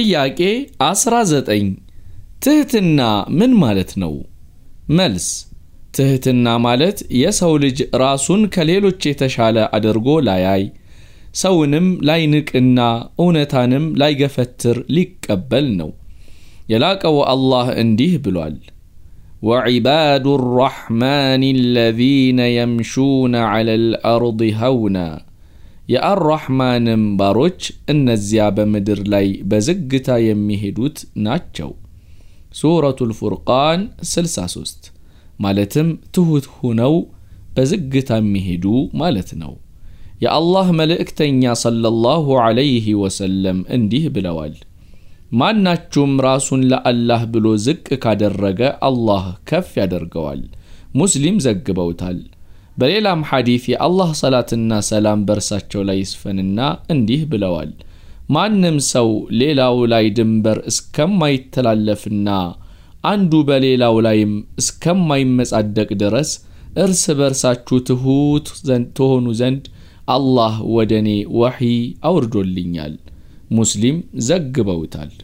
ጥያቄ 19 ትህትና ምን ማለት ነው? መልስ ትህትና ማለት የሰው ልጅ ራሱን ከሌሎች የተሻለ አድርጎ ላያይ፣ ሰውንም ላይንቅና እውነታንም ላይገፈትር ሊቀበል ነው። የላቀው አላህ እንዲህ ብሏል፣ ወዒባዱ ራሕማን አለዚነ የምሹነ ዐለል አርድ ሀውና የአራሕማን እምባሮች እነዚያ በምድር ላይ በዝግታ የሚሄዱት ናቸው። ሱረቱ ልፉርቃን 63 ማለትም ትሑት ሁነው በዝግታ የሚሄዱ ማለት ነው። የአላህ መልእክተኛ ሰለላሁ ዐለይሂ ወሰለም እንዲህ ብለዋል። ማናችሁም ራሱን ለአላህ ብሎ ዝቅ ካደረገ አላህ ከፍ ያደርገዋል። ሙስሊም ዘግበውታል። በሌላም ሐዲት የአላህ ሰላትና ሰላም በእርሳቸው ላይ ይስፈንና እንዲህ ብለዋል። ማንም ሰው ሌላው ላይ ድንበር እስከማይተላለፍና አንዱ በሌላው ላይም እስከማይመጻደቅ ድረስ እርስ በርሳችሁ ትሑት ትሆኑ ዘንድ አላህ ወደ እኔ ወሒ አውርዶልኛል። ሙስሊም ዘግበውታል።